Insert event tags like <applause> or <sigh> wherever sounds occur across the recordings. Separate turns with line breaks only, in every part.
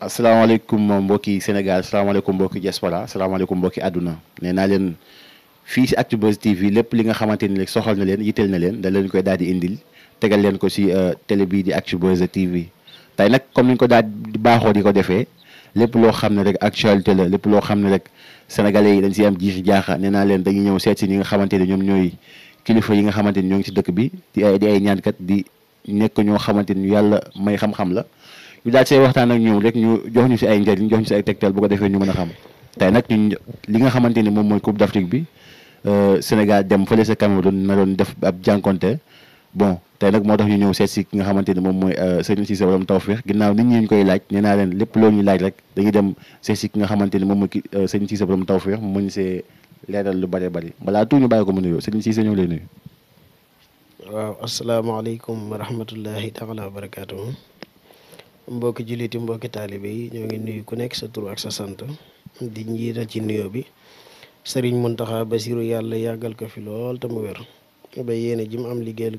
asalaamaaleykum mbokki Sénégal asalaamaaleykum mbokki diaspora asalaamaaleykum mbokki àdduna nee naa leen fii si Actubuzz TV lépp li nga xamante ni soxal na leen yitteel na leen da leen koy daal di indil tegal ko si euh, télé bii di Actubuzz TV tey nag comme ni ñu ko daal baaxoo di ko defee lépp loo xam ne rek actualité la lépp loo xam ne rek sénégalais yi dañ si am jiixi jaaxa nee naa leen dañuy ñëw seet ci ñi nga xamante ne ñoom ñooy kilifa yi nga xamante ni ñoo ngi si dëkk bi di ñaankat di nekk ñoo xamante ni yàlla may xam-xam la ñu daal see waxtaan ak ñoom rek ñu jox ñu si ay njëriñ jox ñu si ay tegtal bu ko defee ñu mën a xam tey nag ñun li nga xamante ni moom mooy Coupe d'Afrique bi euh, Sénégal dem fële sa Cameroun na doon def ab jànkonte bon tey nag moo tax ñu ñëw seet ki nga xamante ni moom mooy euh, Serigne Cissé borom Tawfekh ginnaaw nit ñi ñu koy laaj nee naa leen lépp loo ñuy laaj rek dañuy dem seet si ki nga xamante ni moom mooy ki euh, Serigne Cissé borom Tawfekh mu mën see leeral lu bëree bëri balaa tuuti ñu bàyyi ko mu nuyoo Serigne Cissé ñoo lay nuyu.
waaw asalaamaaleykum wa rahmatullahi taala wa barakaatuhu mbokki julliti mbokki taalibe yi ñoo ngi nuyu ku nekk sa tur ak sa sant di njiital ci nuyo bi sëriñ Muntaxa Basiru yàlla yàggal ko fi lool te mu wér ba yéene ji mu am liggéeyal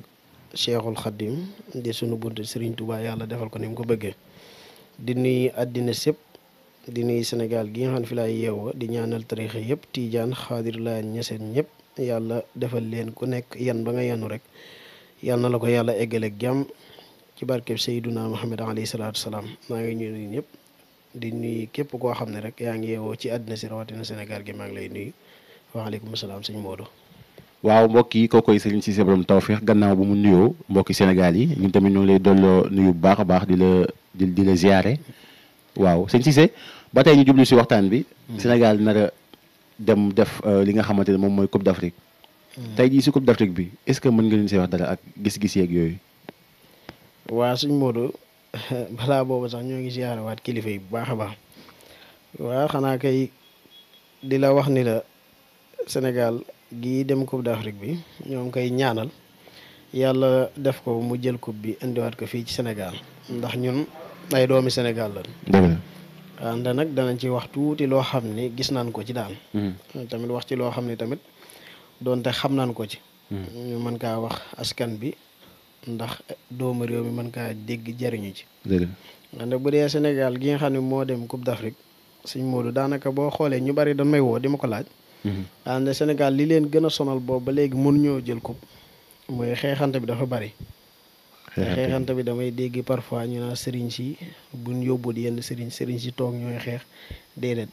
Cheikhul Khadim di sunu bunt sëriñ Tuubaa yàlla defal ko ni mu ko bëggee di nuyu àddina sépp di nuyu senegal gi nga xam fi laay yeewoo di ñaanal tarixa yëpp tiijaan xaadir laa ñeseen ñëpp yàlla defal leen ku nekk yan ba nga yanu rek yàlla ko yàlla eggaleeg jàmm ci barkeb Seyduna Muhammad alayhi salaatu salaam maa ngi nuyu ñëpp di nuyu képp koo xam ne rek yaa ngi ci àddina si rawatina Sénégal gi maa ngi lay nuyu waaleykum salaam sëñ Modou.
waaw mbokk yi kookoy Serigne Cissé borom tawfeex gannaaw bu mu nuyoo mbokki Sénégal yi ñun tamit ñu ngi lay dolloo nuyu baax a baax di la di di la ziare waaw sëñ Cissé ba tey ñu jublu si waxtaan bi. Mm. Sénégal nar a dem def euh, li nga xamante ne moom mooy Coupe d'Afrique. Mm. tey jii si Coupe d'Afrique bi est-ce que mën nga leen see wax dara ak gis-gis yeeg yooyu.
waa suñ Modou <laughs> balaa boobu sax ñoo ngi siyaare waat kilifa bu baax a baax waa xanaa kay di la wax ni la Sénégal gi dem Coupe d'Afrique bi ñoom koy ñaanal yàlla def ko mu jël coupe bi indiwaat ko fii ci Sénégal ndax ñun ay doomi Sénégal la ànd nag danañ ci wax tuuti loo xam ni gis naan ko ci daal hmm. tamit wax ci loo xam ni tamit doonte xam naan ko ci hmm. ñu mën kaa wax askan bi ndax doomu réew mi mën kaa dégg jariñu ci ndax bu dee Sénégal gi nga xam ne moo dem Coupe d'Afrique suñ Modou daanaka boo xoolee ñu bari dañ woo di ko laaj mhm. daanaka Sénégal li leen gën a sonal boobu ba léegi mënu ñoo jël coupe mooy xeexante bi dafa bari xeexante bi damay dégg parfois ñu sëriñ si buñ yóbbu di sëriñ sëriñ si toog ñooy xeex déedéet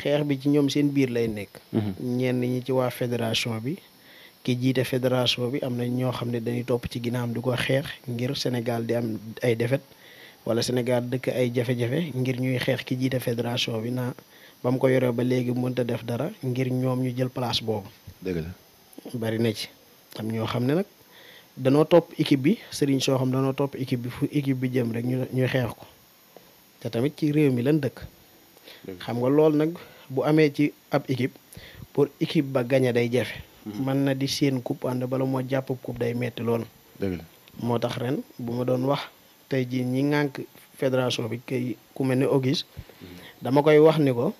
xeex bi ci ñoom seen biir lay nekk mhm. ñenn ñi ci waa fédération bi ki jiite fédération bi am na ñoo xam ne dañuy topp ci ginnaawam du ko xeex ngir Sénégal di am ay defet wala senegal dëkk ay jafe-jafe ngir ñuy xeex ki jiite fédération bi naa ba mu ko yore ba léegi mënta def dara ngir ñoom ñu jël place boobu. dëgg bari na ci am ñoo xam ne nag danoo topp équipe bi sëriñ soo xam danoo topp équipe bi fu équipe bi jëm rek ñu ñuy xeex ko te tamit ci réew mi lan dëkk. xam nga loolu nag bu amee ci ab équipe pour équipe ba gañe day jafe. Mhm. mën na di seen coupe ànd bala moo jàpp coupe day metti lool. moo tax ren bu ma doon wax tey jii ñi ŋànk fédération bi kay ku mel ni Auguste mhm. dama koy wax ni ko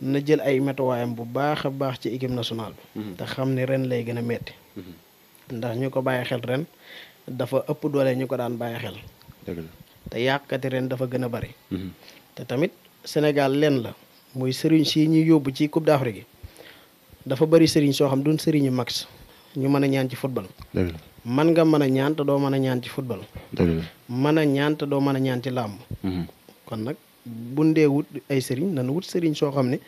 na jël ay matuwaayam bu baax baax ci équipe nationale bi. Mhm. te xam ne ren lay gën a metti ndax ñu ko bàyyi xel ren dafa ëpp doole ñu ko daan bàyyi xel. te yàqati ren dafa gën a bari. te tamit Sénégal lenn la muy sëriñ si ñuy yóbbu ci Coupe gi dafa bëri sëriñ soo xam duñ sëriñu max ñu mën a ñaan ci football. man nga mën a ñaan te doo mën a ñaan ci football. mën a ñaan te doo mën a ñaan ci làmb. Mm-hmm. kon nag buñ dee wut ay sëriñ nañ wut sëriñ soo xam ne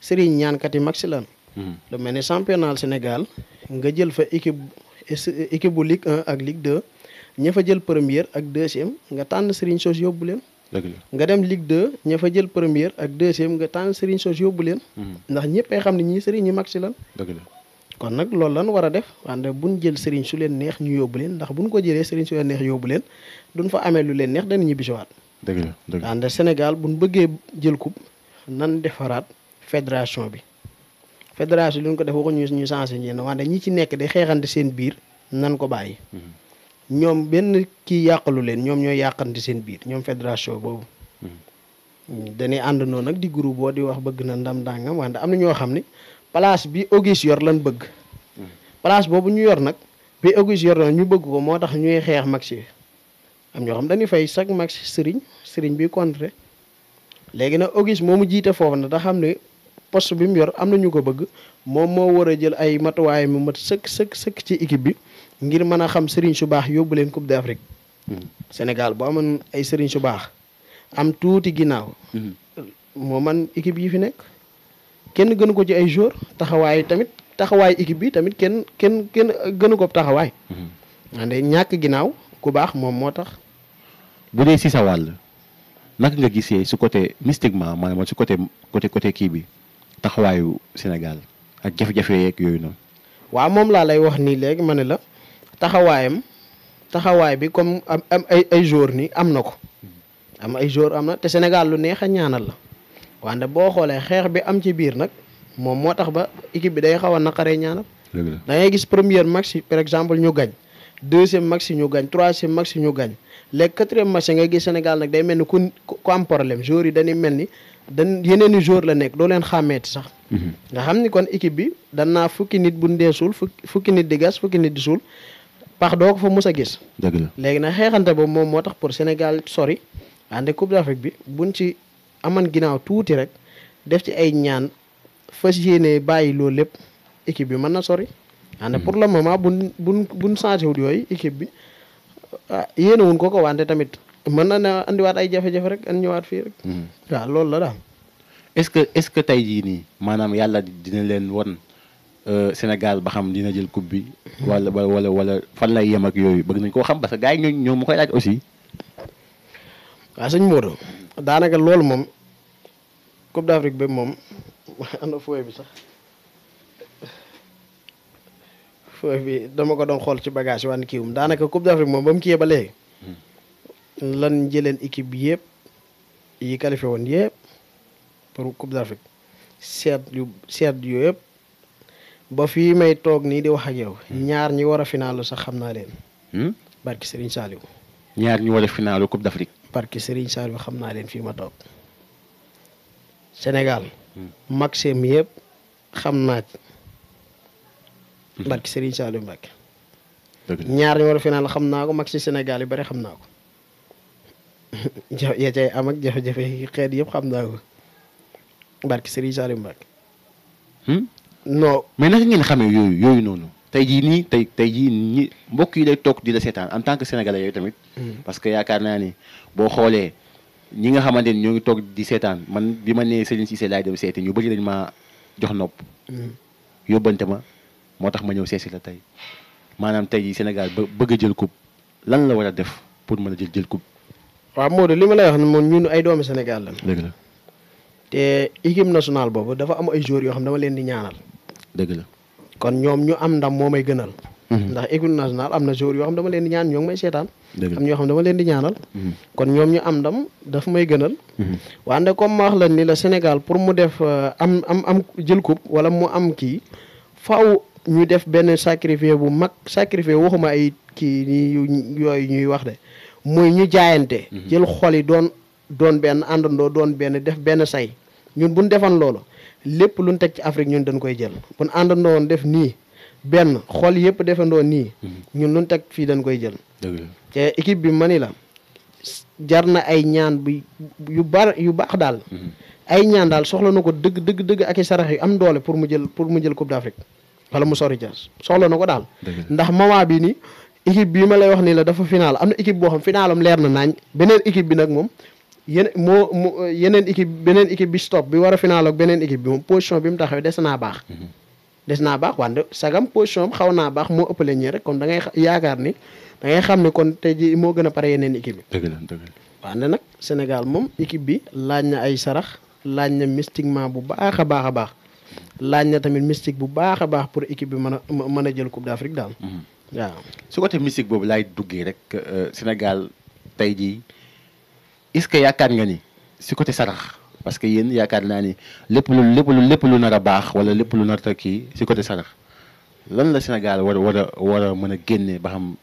sëriñ ñaankat yi max lan mm-hmm. lu mel ne championnat Sénégal nga jël fa équipe équipe bu Ligue ak Ligue 2 ña jël première ak deuxième nga tànn sëriñ soos yóbbu leen. nga dem Ligue 2 ña fa jël première ak deuxième nga tànn Serigne Sos yóbbu leen. Mhm. ndax ñëpp ay xam ne ñii Serigne ñi mag si lan. kon nag loolu lan war a def wante buñ jël sëriñ su leen neex ñu yóbbu leen ndax buñ ko jëlee Serigne su leen neex yóbbu leen duñ fa amee lu leen neex dana ñibbisiwaat. dëgg la dëgg la wante Sénégal buñ bëggee jël coupe nan defaraat fédération bi. fédération li ñu ko def waxuñu ñu changé ñenn wante ñi ci nekk di xeexante seen biir nan ko bàyyi. Mhm. ñoom benn kii yàqalu leen ñoom ñooy yàqante seen biir ñoom fédération boobu. Hmm. dañuy àndandoo nag di groupe di wax bëgg na ndam ndàngam wante am na ñoo xam ne place bi Auguste yor lan bëgg. Hmm. place boobu ñu yor nag bi Auguste yor na ñu bëgg ko moo tax ñuy xeex max yi am ñoo xam dañuy fay chaque max sëriñ sëriñ bi contre léegi nag moo mu jiite foofu na te xam ne post bi mu yor am na ñu ko bëgg moom moo war a jël ay matuwaay mu mat sëkk sëkk sëkk ci équipe bi. ngir mën a xam sëriñ su baax yóbbu leen coupe d'Afrique hmm. Sénégal boo amoon ay sëriñ su baax am tuuti ginnaaw hmm. moo man équipe yi fi nekk kenn gënu ko ci ay joueur taxawaay tamit taxawaay équipe yi tamit kenn kenn kenn gënu ko taxawaay
hmm.
ande ñàkk ginnaaw ku baax moom moo tax
bu dee si sa wàll naka nga gisee su côté mystiquement maanaam su côté côté côté kii bi taxawaayu Sénégal ak jafe-jafe yeeg yooyu noonu
waaw moom laa lay wax nii léegi ma ne la taxawaayam taxawaay bi comme am am ay ay jour ni am na ko am ay jour am na te Sénégal lu neex a ñaanal la wante boo xoolee xeex bi am ci biir nag moom moo tax ba équipe bi day xaw a naqaree ñaanal da ngay gis première match par exemple ñu gañ deuxième match ñu gañ troisième match yi ñu gañ lekk quatrième match ngay gis Sénégal nag day mel ni ku ku am problème jour yi dañuy mel ni dan yeneeni jour la nekk doo leen xàmmeeti sax mhm. nga xam ni kon équipe bi danaa fukki nit bu ndeesul fukki nit di gas fukki nit di suul pax doo ko fa mos a gis. dëgg la léegi nag xeexante boobu moom moo tax pour Sénégal sori ànd Coupe d'Afrique bi buñ ci aman ginnaaw tuuti rek def ci ay ñaan fas yéene bàyyi loolu lépp équipe bi mën na sori. ànd hmm. pour le moment buñ buñ buñ changé wul yooyu équipe bi ah, yéene wuñ ko ko wante tamit mën na ne andiwaat ay jafe-jafe rek an ñëwaat fii rek. Hmm. waaw loolu la daal.
est-ce que est-ce que tey jii nii maanaam yàlla dina leen won Euh, Sénégal ba xam dina jël coupe bi wala wala wala fan lay yem ak yooyu bëgg nañ koo xam parce que gars yi ñoo ñoo ma koy
sëñ Modou daanaka loolu moom Coupe d'Afrique bi moom am <laughs> na fooy bi sax bi dama ko doon xool ci bagage yi daanaka Coupe d'Afrique moom ba mu kiiyee ba léegi. lan jëleen équipe bi yëpp yi qualifié woon yëpp pour Coupe d'Afrique seet yu seet yooyu yëpp. ba fii may toog nii di wax ak yow. ñaar ñi war a finaalu sax xam naa leen. Hmm? barki Serigne Saliou.
ñaar ñi war a finaalu Coupe d'Afrique.
barki Serigne Saliou xam naa leen fii ma toog hmm. Sénégal. Hmm. maxim xam naa barki Serigne Saliou Mbacké. ñaar ñi war a finaal xam naa ko maxi Sénégal yi bari xam naa ko. ja <laughs> am ak jafe-jafe xeet yëpp xam naa ko barki Serigne Saliou Mbacké.
non mais naka ngeen xamee yooyu yooyu noonu tey jii nii tey tey jii ñi mbokk yi day toog di la seetaan en tant que sénégalais yooyu tamit. Mm. parce que yaakaar na ni boo xoolee ñi nga xamante ni ñoo ngi toog di seetaan man bi ma nee Serigne Cissé laay dem seeti ñu bëri dañ maa jox nopp. Mm. yóbbante ma moo tax ma ñëw seesi la tey maanaam tey jii Sénégal bëgg jël coupe lan la war a def pour mën a jël jël
waa moo de li ma lay xam ne moom ñun ay doomi Sénégal la. dëgg la te équipe nationale boobu dafa am ay joueurs yoo xam dama leen di ñaanal. dëgg la kon ñoom ñu am ndam moo may gënal mhm. ndax équipe nationale am na jour yoo xam dama leen di ñaan ñoo may seetaan am ñoo xam dama leen di ñaanal mhm. kon ñoom ñu am ndam dafa may gënal mhm. wante comme ma wax la ni la Sénégal pour mu def euh, am am jël coupe wala mu am kii faw ñu def benn sacrifice bu mag sacrifice waxuma ay kii nii yooyu ñuy wax de mooy ñu jaayante jël xol yi doon doon benn àndandoo doon benn def benn say ñun buñ defan loolu lépp lu ñu teg ci Afrique ñun dañ koy jël bu ñu àndandoo def nii benn xool yëpp defandoo nii. Mhm. ñun lu ñu teg fii dañ koy jël. te équipe bi mani la jar na ay ñaan bu yu bar yu baax daal. Mhm. ay ñaan daal soxla na ko dëgg dëgg dëgg ak i sarax yu am doole pour mu jël pour mu jël coupe d'Afrique wala mu sori ja soxla na ko daal. ndax moment bii nii équipe bi ma lay wax nii la dafa final am na équipe boo xam finalam leer na naañ beneen équipe bi nag moom yene moo mu yeneen équipe beneen équipe bi stop bi war a final beneen équipe bi moom position bi mu taxawee des naa baax mhm. des naa baax wante sagam position am xaw naa baax moo ëppale ñi rek kon da yaakaar ni da ngay xam ne kon tey ji moo gën a pare yeneen équipe yi nag Sénégal moom équipe bi laaj na ay sarax laañ na mystiquement bu baax a baax a baax laaj na tamit mystique bu baax a baax pour équipe bi mën a mën a jël coupe d'Afrique daal mhm. waaw su côté
mystique boobu laay duggee rek euh, Sénégal tey jii est que yaakaar nga ni si côté sarax parce que yéen yaakaar naa ni lépp lu lépp lu lépp lu nar a baax wala lépp lu nar a kii si côté sarax lan la Sénégal war a war a mën a génne ba xam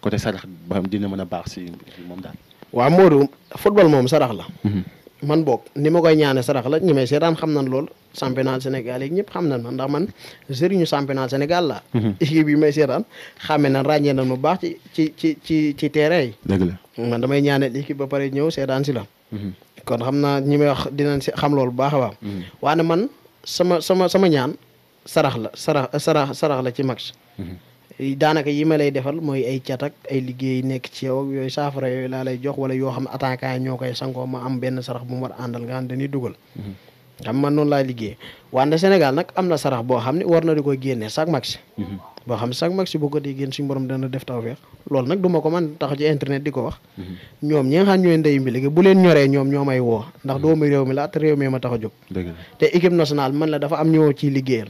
côté sarax ba xam dina mën a baax si moom daal.
waaw Modou football moom sarax la. Mhm. man boog ni ma koy ñaane sarax la ñi may seetaan xam nañ lool championnat Sénégal yi ñëpp xam nañ ma ndax man sëriñu championnat Sénégal la mhm. équipe bi may seetaan xammee nan ràññee nan bu baax ci ci ci ci ci terrain yi dëgg man damay ñaaneel équipe ba pare ñëw seetaan si la mhm. kon xam naa ñi may wax dinañ si xam lool bu baax a baax mhm. waane man sama sama sama ñaan sarax la sarax sarax sarax la ci match Eh, daanaka yi ma lay defal mooy ay cat ay liggéey nekk ci yow yooyu saafara yooyu laa lay jox wala yoo xam attaquant ñoo koy sangoo ma am benn sarax bu mu war a nga xam dañuy dugal mm-hmm. xam man noonu laay liggéey wante Sénégal nag am na sarax boo xam ne war na di ko génne chaque max mm-hmm. boo xam chaque max boo ko dee génn suñu borom dana def tawfeex loolu nag du ma ko man tax ci internet di ko wax mm-hmm. ñoom ñi nga ñooy ndey mi léegi bu leen ñoree ñoom ñoo may woo ndax doomu réew mi la te réew mi ma tax a jóg te équipe nationale man la dafa am ñoo ciy liggéeyal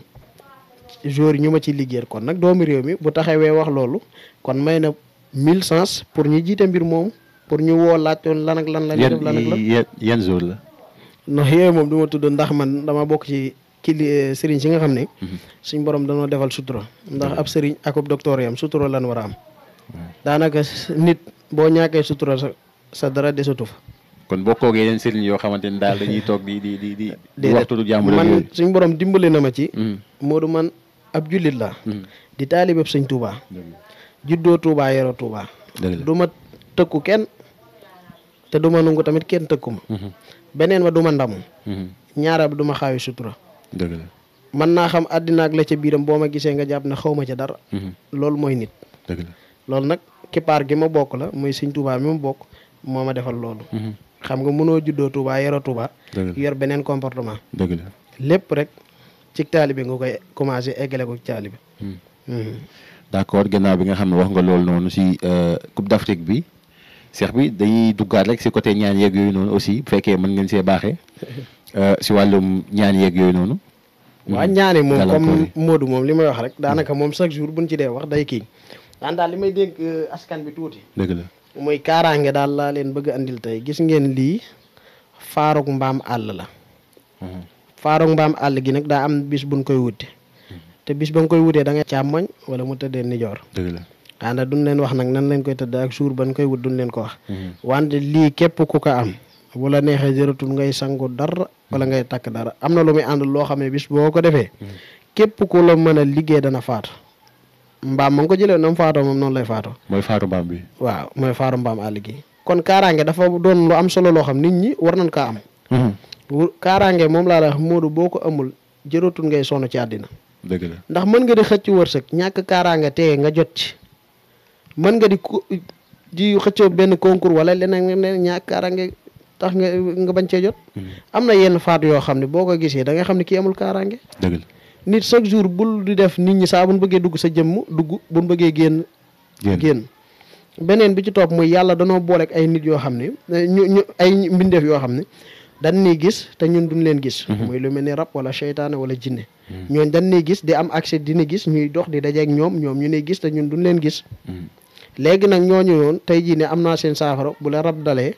joueurs yi ñu ma ciy liggéeyal kon nag doomu réew mi bu taxawee wax loolu kon may na mille chance pour ñu jiite mbir moom pour ñu woo laajtoon lan ak lan la def lan ak lan yan jour la non yooyu moom du ma tudd ndax man dama bokk ci ki eh, sëriñ si nga xam ne mhm. suñ borom danoo defal sutura ndax mhm. ab sëriñ akub docteur yam sutura lan war a am daanaka nit boo ñàkkee sutura sa sa dara desatu fa
kon bokkoo ak yeneen sëriñ yoo xamante ne daal dañuy toog di di di di
man ab jullit la hmm. di taalibeb sëñ Touba juddoo Touba yoro Touba du tëkku kenn te du ma nungu tamit kenn tëkku ma hmm. beneen ba du ma ndamu hmm. ñaarab du ma xaawi sutura man naa xam àddina ak la ca biiram boo ma gisee nga jàpp ne xaw ma ca dara loolu mooy nit loolu nag kippaar gi ma bokk la muy sëñ Touba mi ma bokk moo ma defal loolu xam nga mënoo juddoo Touba yoro Touba yor beneen comportement lépp rek ci taalibe nga koy commencé eggale ko ci taalibe. Hmm. Hmm.
d' accord gannaaw bi nga xam ne wax nga loolu noonu si euh, Coupe d' Afrique bi. seex bi dañuy duggaat rek si côté ñaan yeeg yooyu noonu aussi bu fekkee mën ngeen see baaxee <laughs> euh, si wàllum ñaan yeeg yooyu noonu. Hmm. waaw ñaani moom comme
Modou moom li may wax rek daanaka moom chaque jour buñ ci dee wax day kii daan daal li may dégg euh, askan bi tuuti. dëgg la muy kaaraange daal laa leen bëgg andil tey gis ngeen lii faarug mbaam àll la. faaroog mbaam àll gi nag daa am bis buñ koy wute te bis ba nga koy wutee da ngay càmmoñ wala mu tëddee nijoor dëgg la waanda duñ leen wax nag nan leen koy tëdd ak suur ban koy wut duñ leen ko wax mhm. wante lii képp ku ko am bu la neexee jëratul ngay sangu dara wala ngay takk dara am na lu muy ànd loo xam ne bis boo ko defee mhm. képp ku la mën a liggéey dana faat mbaam ma ko jële na mu faatoo moom noonu lay faatoo mooy faaru mbaam mooy faaru mbaam àll gi kon kaaraange dafa doon lu am solo loo xam nit ñi war nañ kaa am mhm. kaaraange moom laa la wax Modou boo ko amul jëratul ngay sonn ci àddina. dëgg ndax mën nga di xëcc wërsëg ñàkk kaaraange teye nga jot ci mën nga di ku di xëccoo benn concours wala leneen leneen ñàkk kaaraange tax nga nga bañ cee jot. Hmm. am na yenn faat yoo xam ne boo ko gisee da nga xam ne kii amul kaaraange. dëgg nit chaque jour bul di def nit ñi saa bu bëggee dugg sa jëmm dugg bu ñu bëggee génn. génn beneen bi ci toog mooy yàlla danoo booleek ay nit yoo xam ne ñu ñu ay mbindeef yoo xam ne dan nii gis te ñun duñ leen gis mhm. muy lu mel ni rab wala seytaane wala jinne mhm. ñooñ dan nii gis di am accès dina gis ñuy dox di dajeek ñoom ñoom ñu ne gis te ñun duñ leen gis mhm. léegi nag ñooñu yoon tey jii ne am naa seen saafara bu la rab dalee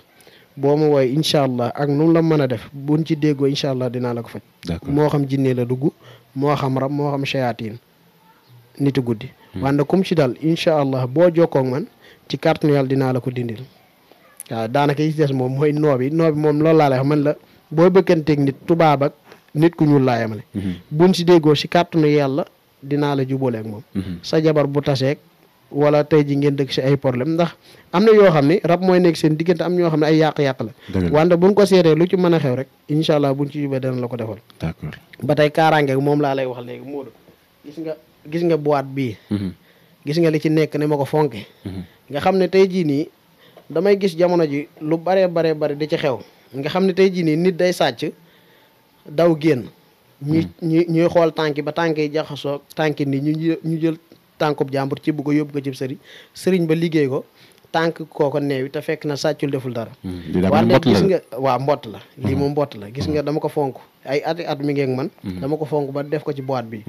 boo ma woowee incha allah ak nu la mën a def buñ ci déggoo incha allah dinaa la ko faj moo xam jinne la dugg moo xam rab moo xam shayatin nit guddi wante kum ci dal incha allah boo jokkoog man ci kàttanu yàlla dinaa la ko dindil waaw daanaka yi ci des moom mooy noo bi noo moom loolu laa lay wax man la boo bëkkanteeg nit tubaab ak nit ku ñuul laa yemale mhm. buñ si déggoo si kàttanu yàlla dinaa la jubóoleeg moom mhm. sa jabar bu taseeg wala tey ji ngeen dëkk si ay problème ndax am na yoo xam ne rab mooy nekk seen diggante am ñoo xam ne ay yàq-yàq la wante buñ ko seetee lu ci mën a xew rek incha allah buñ ci jubee dana la ko defal ba tey kaaraange moom laa lay wax léegi moo gis nga gis nga boîte bii mhm. gis nga li ci nekk ne ma ko fonke damay gis jamono ji lu baree baree bari di ci xew nga xam ne tey jii nii nit day sàcc daw génn. ñuy hmm. ñuy ñuy xool tànk ba tànk yi jaxasoo tànk ni ñu ñu jël tànkub jàmbur ci bu ko yóbbu ko ci sëriñ ba liggéey ko tànk kooko neewi te fekk na sàccul deful dara. Hmm. waaye gis nga waa mbott la. lii hmm. moom mbott la gis nga dama ko fonk ay ati at mi ngeeg man. dama ko fonk ba def ko ci boîte bi.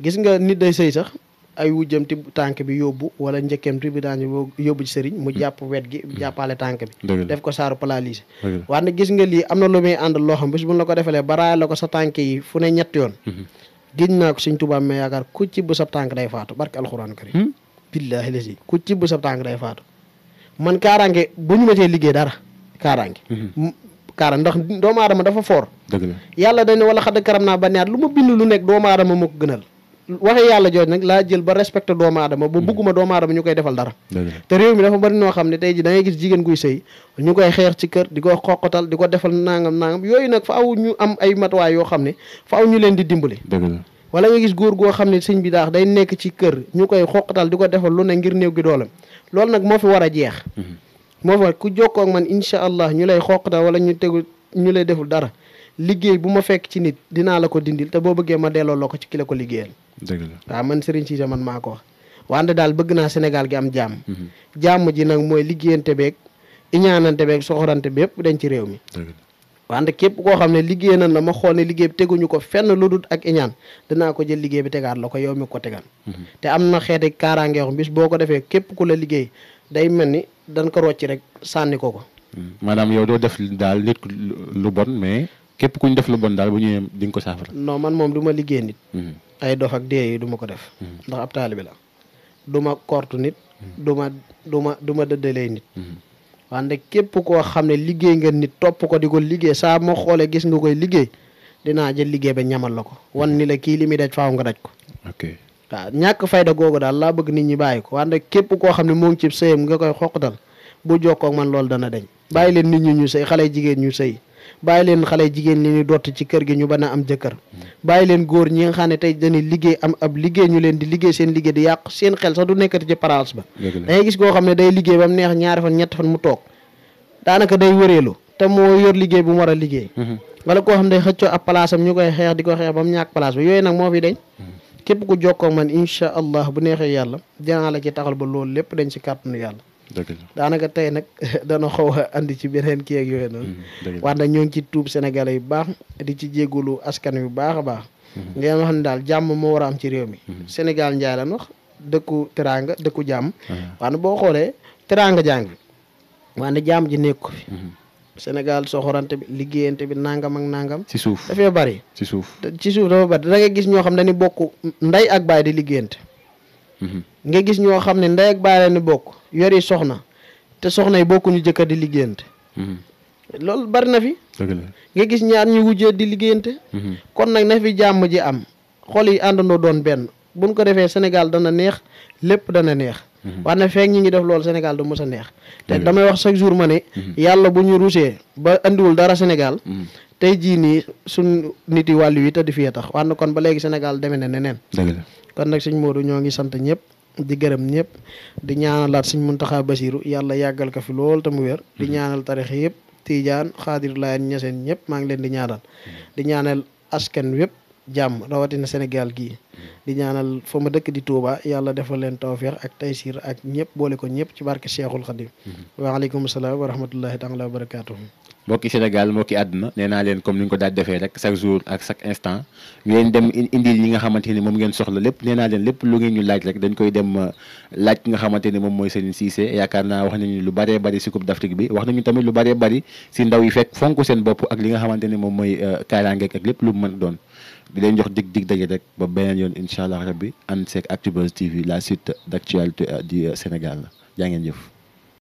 gis nga nit day sëy sax ay wujjam ti tànk bi yóbbu wala njëkkeem ti bi daan yóbbu ci sëriñ mu jàpp wet gi hmm. jàppale tànk bi def ko saaru paralysé waaye nag gis nga lii am na lu muy àndal loo xam bis bu la ko defalee baraay la ko sa tànk yi fu ne ñett yoon hmm. gis naa ko suñ tubaab mais yaakaar ku ci bu sab tànk day faatu barke alxuraan karim hmm. billaahi la si ku ci bu sab tànk day faatu man kaaraange bu ñu ma cee liggéey dara kaaraange kaara ndax doomu aadama dafa foor yàlla waxee yàlla jooju nag laa jël ba respecté doomu aadama ba hmm. bugguma doomu aadama ñu koy defal dara te réew mi dafa bari noo xam ne tey ji da ngay gis jigéen guy sëy ñu koy xeex ci kër di ko xoqatal di ko defal nangam nangam yooyu nag faaw ñu am matuwaay yoo xam ne faaw ñu leen di dimbali wala nga gis góor goo xam ne sëñ bi daax day nekk ci kër ñu koy xoqatal di ko defal lu ne ngir néew gi doolam loolu nag moo fi war a jeex hmm. moo fi war ku jokkoo man incha allah ñu lay xoqatal wala ñu tegu ñu lay deful dara liggéey bu ma fekk ci nit dinaa la ko dindil te boo bëggee ma delloo la ko ci ki la ko liggéeyal
dëgg
man Serigne Cissé man maa ko wax wante daal bëgg naa Sénégal gi am jàmm. Mhm. jàmm ji nag mooy liggéeyante beeg iñaanante beeg soxorante bi yëpp dañ ci réew mi. wante képp koo xam ne liggéey nañ la ma xool ne liggéey bi ko fenn lu dul ak iñaan danaa ko jël liggéey bi tegaat la ko yow mi ko tegal. Mhm. te am na xeeti kaaraange wax bis boo ko defee képp ku la liggéey day mel ni dañ ko rocc rek sànni ko ko.
Mhm. maanaam yow doo def daal nit lu bon mais. képp ku ñu def lu bon daal bu ñëwee di nga ko saafara.
non man moom du ma liggéey nit. Mm-hmm. ay dof ak dee yi ko def. Mm-hmm. ndax ab taalibi la du ma kortu nit. du mm-hmm. duma du ma nit. wante képp koo xam ne liggéey nga nit topp ko di ko liggéey saa moo xoolee gis nga koy liggéey dinaa jël liggéey ba ñamal la ko wan ni kii li muy daj faaw nga daj ko. ñàkk fayda googu daal laa bëgg nit ñi bàyyi ko wante képp koo xam ne moo ngi ci sëyam nga koy dal bu jokkoo ak man loolu dana deñ bàyyi leen nit ñu ñu sëy xale jigéen ñu sëy bàyyi leen xale jigéen ñi ni dootu ci kër gi ñu bana am jëkkër bàyyi leen góor ñi nga ne tey dañuy liggéey am ab liggéey ñu leen di liggéey seen liggéey di yàq seen xel sax du nekkati ci paraas ba dangay gis koo xam ne day liggéey ba mu neex ñaari fan ñett fan mu toog daanaka day wëreelu te moo yor liggéey bu mu war a liggéey mhm. wala koo xam ne xëccoo ab place am ñu koy xeex di ko xeex ba mu ñàkk place ba yooyu nag moo fi dañ mhm. képp ku jokkoo man incha allah bu neexee yàlla dinaa la ci taxal ba loolu lépp dañ ci kàttanu yàlla daanaka tey nag <laughs> dana xaw a andi ci beneen kii ak yooyu noonu mm-hmm. wax ñoo ngi ci tuub sénégalais yu baax di ci jéggulu askan yu baax a baax mm-hmm. ngeen ne daal jàmm moo war a am ci réew mi mm-hmm. sénégal njaay lan wax dëkku teraanga dëkku jàmm uh-huh. waane boo xoolee teraanga jàng waane jàmm ji nekk ko fi Sénégal soxorante bi liggéeyante bi nangam ak nangam. ci suuf dafay bari. ci suuf ci suuf dafa bari da gis ñoo xam dañuy bokk nday ak baay di liggéeyante. nga gis ñoo xam ne ndey ak baay ni bokk yori soxna te soxna yi bokkuñu jëkkër di liggéeyante lool bari na fi nga gis ñaar ñu wujjee di liggéeyante mhm. kon nag na fi jàmm ji am xol yi àndandoo doon benn bu buñ ko defee Sénégal dana neex lépp dana neex mhm. wax na feek ñi ngi def loolu Sénégal du mos a neex te damay wax chaque jour ma ne mhm. yàlla bu ñuy ruusee ba indiwul dara Sénégal tey jii nii suñ nit yi wàll yi te di fii tax wax na kon ba léegi senegal deme ne neneen kon nag sëñ Modou ñoo ngi sant ñëpp di gërëm ñëpp di ñaanalaat sëñ Muntaxa Basiru yàlla yàggal ko fi lool te mu wér di mm-hmm. ñaanal tarix yëpp Tiijaan Xaadir Laayeen ñaseen ñëpp maa ngi leen di ñaanal mm-hmm. di ñaanal askan wépp jàmm rawatina senegal gii mm-hmm. di ñaanal fa ma dëkk di Touba yàlla defal leen tawféex ak taysiir ak ñëpp boole ko ñëpp ci barke Cheikhul Khadim waaleykum salaam wa rahmatullahi taala wa barakaatuhu
mbokki Sénégal mbokki àdduna nee naa leen comme ni ñu ko daal defee rek chaque jour ak chaque instant ngeen dem indil ñi nga xamante ni moom ngeen soxla lépp nee naa leen lépp lu ngeen dañ koy dem euh, laaj ki nga xamante ni moom mooy Serigne Cissé yaakaar naa wax nañu lu bëree bëri si Coupe d'Afrique bi wax nañu tamit lu bëree bëri si ndaw yi fekk fonk seen bopp ak li nga xamante ni moom mooy euh, kaaraangeek ak lépp lu mu mën doon di leen jox dig dig daje rek ba beneen yoon incha allah rabbi ànd seeg Actubuzz TV la suite d'actualité euh, di Sénégal jaa ngeen jëf